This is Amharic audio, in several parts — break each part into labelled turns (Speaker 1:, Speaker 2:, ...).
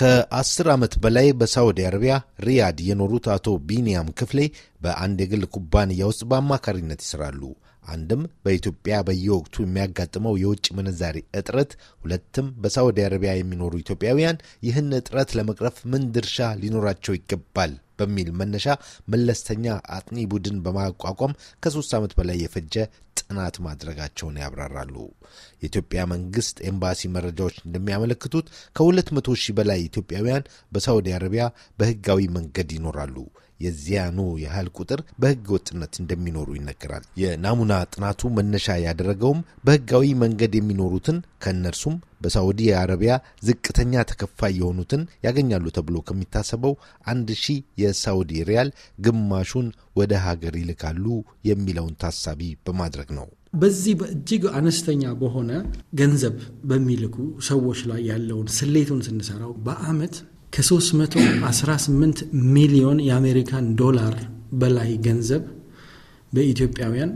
Speaker 1: ከአስር ዓመት በላይ በሳዑዲ አረቢያ ሪያድ የኖሩት አቶ ቢንያም ክፍሌ በአንድ የግል ኩባንያ ውስጥ በአማካሪነት ይሰራሉ። አንድም በኢትዮጵያ በየወቅቱ የሚያጋጥመው የውጭ ምንዛሪ እጥረት፣ ሁለትም በሳዑዲ አረቢያ የሚኖሩ ኢትዮጵያውያን ይህን እጥረት ለመቅረፍ ምን ድርሻ ሊኖራቸው ይገባል በሚል መነሻ መለስተኛ አጥኒ ቡድን በማቋቋም ከሶስት ዓመት በላይ የፈጀ ጥናት ማድረጋቸውን ያብራራሉ። የኢትዮጵያ መንግስት ኤምባሲ መረጃዎች እንደሚያመለክቱት ከ 200 ሺህ በላይ ኢትዮጵያውያን በሳውዲ አረቢያ በህጋዊ መንገድ ይኖራሉ። የዚያኑ ያህል ቁጥር በህገ ወጥነት እንደሚኖሩ ይነገራል። የናሙና ጥናቱ መነሻ ያደረገውም በህጋዊ መንገድ የሚኖሩትን ከእነርሱም በሳዑዲ አረቢያ ዝቅተኛ ተከፋይ የሆኑትን ያገኛሉ ተብሎ ከሚታሰበው አንድ ሺህ የሳዑዲ ሪያል ግማሹን ወደ ሀገር ይልካሉ የሚለውን ታሳቢ በማድረግ ነው።
Speaker 2: በዚህ በእጅግ አነስተኛ በሆነ ገንዘብ በሚልኩ ሰዎች ላይ ያለውን ስሌቱን ስንሰራው በአመት ከ318 ሚሊዮን የአሜሪካን ዶላር በላይ ገንዘብ በኢትዮጵያውያን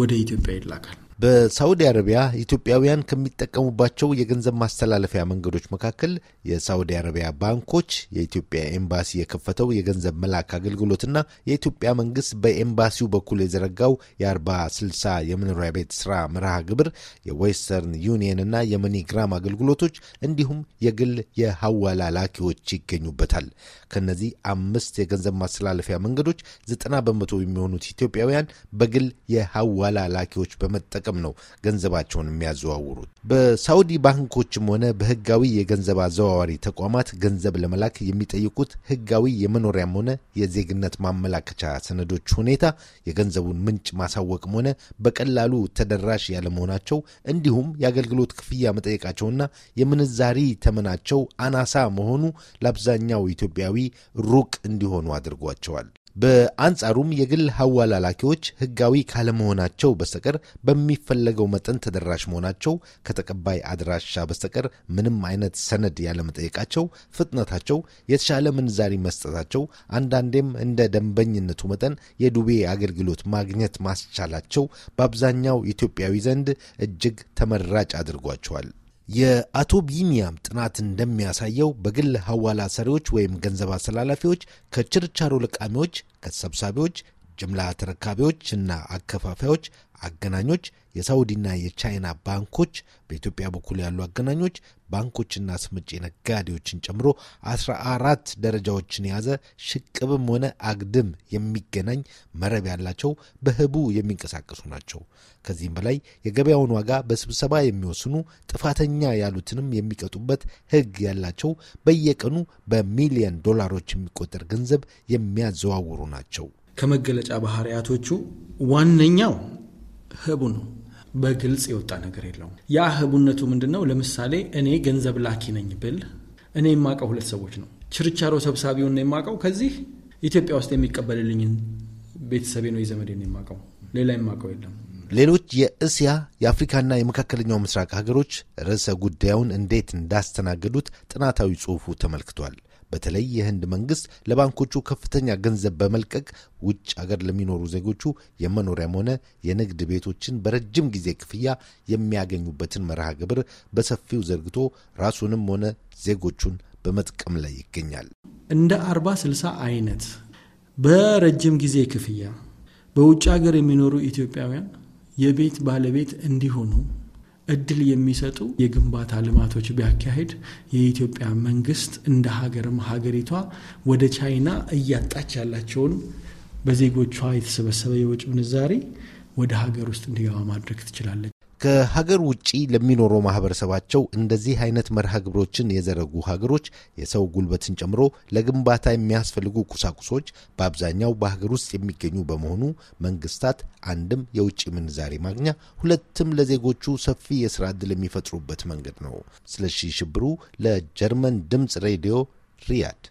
Speaker 2: ወደ ኢትዮጵያ ይላካል።
Speaker 1: በሳዑዲ አረቢያ ኢትዮጵያውያን ከሚጠቀሙባቸው የገንዘብ ማስተላለፊያ መንገዶች መካከል የሳዑዲ አረቢያ ባንኮች የኢትዮጵያ ኤምባሲ የከፈተው የገንዘብ መላክ አገልግሎትና የኢትዮጵያ መንግስት በኤምባሲው በኩል የዘረጋው የአርባ ስልሳ የመኖሪያ ቤት ስራ መርሃ ግብር የዌስተርን ዩኒየንና የመኒግራም አገልግሎቶች እንዲሁም የግል የሐዋላ ላኪዎች ይገኙበታል። ከነዚህ አምስት የገንዘብ ማስተላለፊያ መንገዶች ዘጠና በመቶ የሚሆኑት ኢትዮጵያውያን በግል የሐዋላ ላኪዎች በመጠቀም በመጠቀም ነው ገንዘባቸውን የሚያዘዋውሩት። በሳውዲ ባንኮችም ሆነ በህጋዊ የገንዘብ አዘዋዋሪ ተቋማት ገንዘብ ለመላክ የሚጠይቁት ህጋዊ የመኖሪያም ሆነ የዜግነት ማመላከቻ ሰነዶች ሁኔታ የገንዘቡን ምንጭ ማሳወቅም ሆነ በቀላሉ ተደራሽ ያለመሆናቸው እንዲሁም የአገልግሎት ክፍያ መጠየቃቸውና የምንዛሪ ተመናቸው አናሳ መሆኑ ለአብዛኛው ኢትዮጵያዊ ሩቅ እንዲሆኑ አድርጓቸዋል። በአንጻሩም የግል ሐዋላ ላኪዎች ህጋዊ ካለመሆናቸው በስተቀር በሚፈለገው መጠን ተደራሽ መሆናቸው ከተቀባይ አድራሻ በስተቀር ምንም አይነት ሰነድ ያለመጠየቃቸው፣ ፍጥነታቸው፣ የተሻለ ምንዛሪ መስጠታቸው፣ አንዳንዴም እንደ ደንበኝነቱ መጠን የዱቤ አገልግሎት ማግኘት ማስቻላቸው በአብዛኛው ኢትዮጵያዊ ዘንድ እጅግ ተመራጭ አድርጓቸዋል። የአቶ ቢኒያም ጥናት እንደሚያሳየው በግል ሐዋላ ሰሪዎች ወይም ገንዘብ አስተላላፊዎች ከችርቻሮ ለቃሚዎች፣ ከሰብሳቢዎች፣ ጅምላ ተረካቢዎች እና አከፋፋዮች፣ አገናኞች፣ የሳውዲና የቻይና ባንኮች፣ በኢትዮጵያ በኩል ያሉ አገናኞች፣ ባንኮችና ስምጭ ነጋዴዎችን ጨምሮ አስራ አራት ደረጃዎችን የያዘ ሽቅብም ሆነ አግድም የሚገናኝ መረብ ያላቸው በህቡ የሚንቀሳቀሱ ናቸው። ከዚህም በላይ የገበያውን ዋጋ በስብሰባ የሚወስኑ ጥፋተኛ ያሉትንም የሚቀጡበት ህግ ያላቸው በየቀኑ በሚሊየን ዶላሮች የሚቆጠር ገንዘብ የሚያዘዋውሩ ናቸው። ከመገለጫ ባህሪያቶቹ ዋነኛው ህቡ ነው። በግልጽ
Speaker 2: የወጣ ነገር የለውም። ያ ህቡነቱ ምንድን ነው? ለምሳሌ እኔ ገንዘብ ላኪ ነኝ ብል እኔ የማውቀው ሁለት ሰዎች ነው። ችርቻሮ ሰብሳቢውን ነው የማውቀው። ከዚህ ኢትዮጵያ ውስጥ የሚቀበልልኝን ቤተሰቤ ነው የዘመዴ ነው የማውቀው፣ ሌላ የማውቀው የለም።
Speaker 1: ሌሎች የእስያ የአፍሪካና የመካከለኛው ምስራቅ ሀገሮች ርዕሰ ጉዳዩን እንዴት እንዳስተናገዱት ጥናታዊ ጽሑፉ ተመልክቷል። በተለይ የህንድ መንግስት ለባንኮቹ ከፍተኛ ገንዘብ በመልቀቅ ውጭ አገር ለሚኖሩ ዜጎቹ የመኖሪያም ሆነ የንግድ ቤቶችን በረጅም ጊዜ ክፍያ የሚያገኙበትን መርሃ ግብር በሰፊው ዘርግቶ ራሱንም ሆነ ዜጎቹን በመጥቀም ላይ ይገኛል።
Speaker 2: እንደ አርባ ስልሳ አይነት በረጅም ጊዜ ክፍያ በውጭ ሀገር የሚኖሩ ኢትዮጵያውያን የቤት ባለቤት እንዲሆኑ እድል የሚሰጡ የግንባታ ልማቶች ቢያካሄድ የኢትዮጵያ መንግስት እንደ ሀገርም ሀገሪቷ ወደ ቻይና እያጣች ያላቸውን በዜጎቿ የተሰበሰበ የውጭ ምንዛሬ ወደ ሀገር ውስጥ እንዲገባ ማድረግ ትችላለች።
Speaker 1: ከሀገር ውጪ ለሚኖረው ማህበረሰባቸው እንደዚህ አይነት መርሃ ግብሮችን የዘረጉ ሀገሮች የሰው ጉልበትን ጨምሮ ለግንባታ የሚያስፈልጉ ቁሳቁሶች በአብዛኛው በሀገር ውስጥ የሚገኙ በመሆኑ መንግስታት አንድም የውጭ ምንዛሬ ማግኛ፣ ሁለትም ለዜጎቹ ሰፊ የስራ ዕድል የሚፈጥሩበት መንገድ ነው። ስለሺ ሽብሩ ለጀርመን ድምፅ ሬዲዮ ሪያድ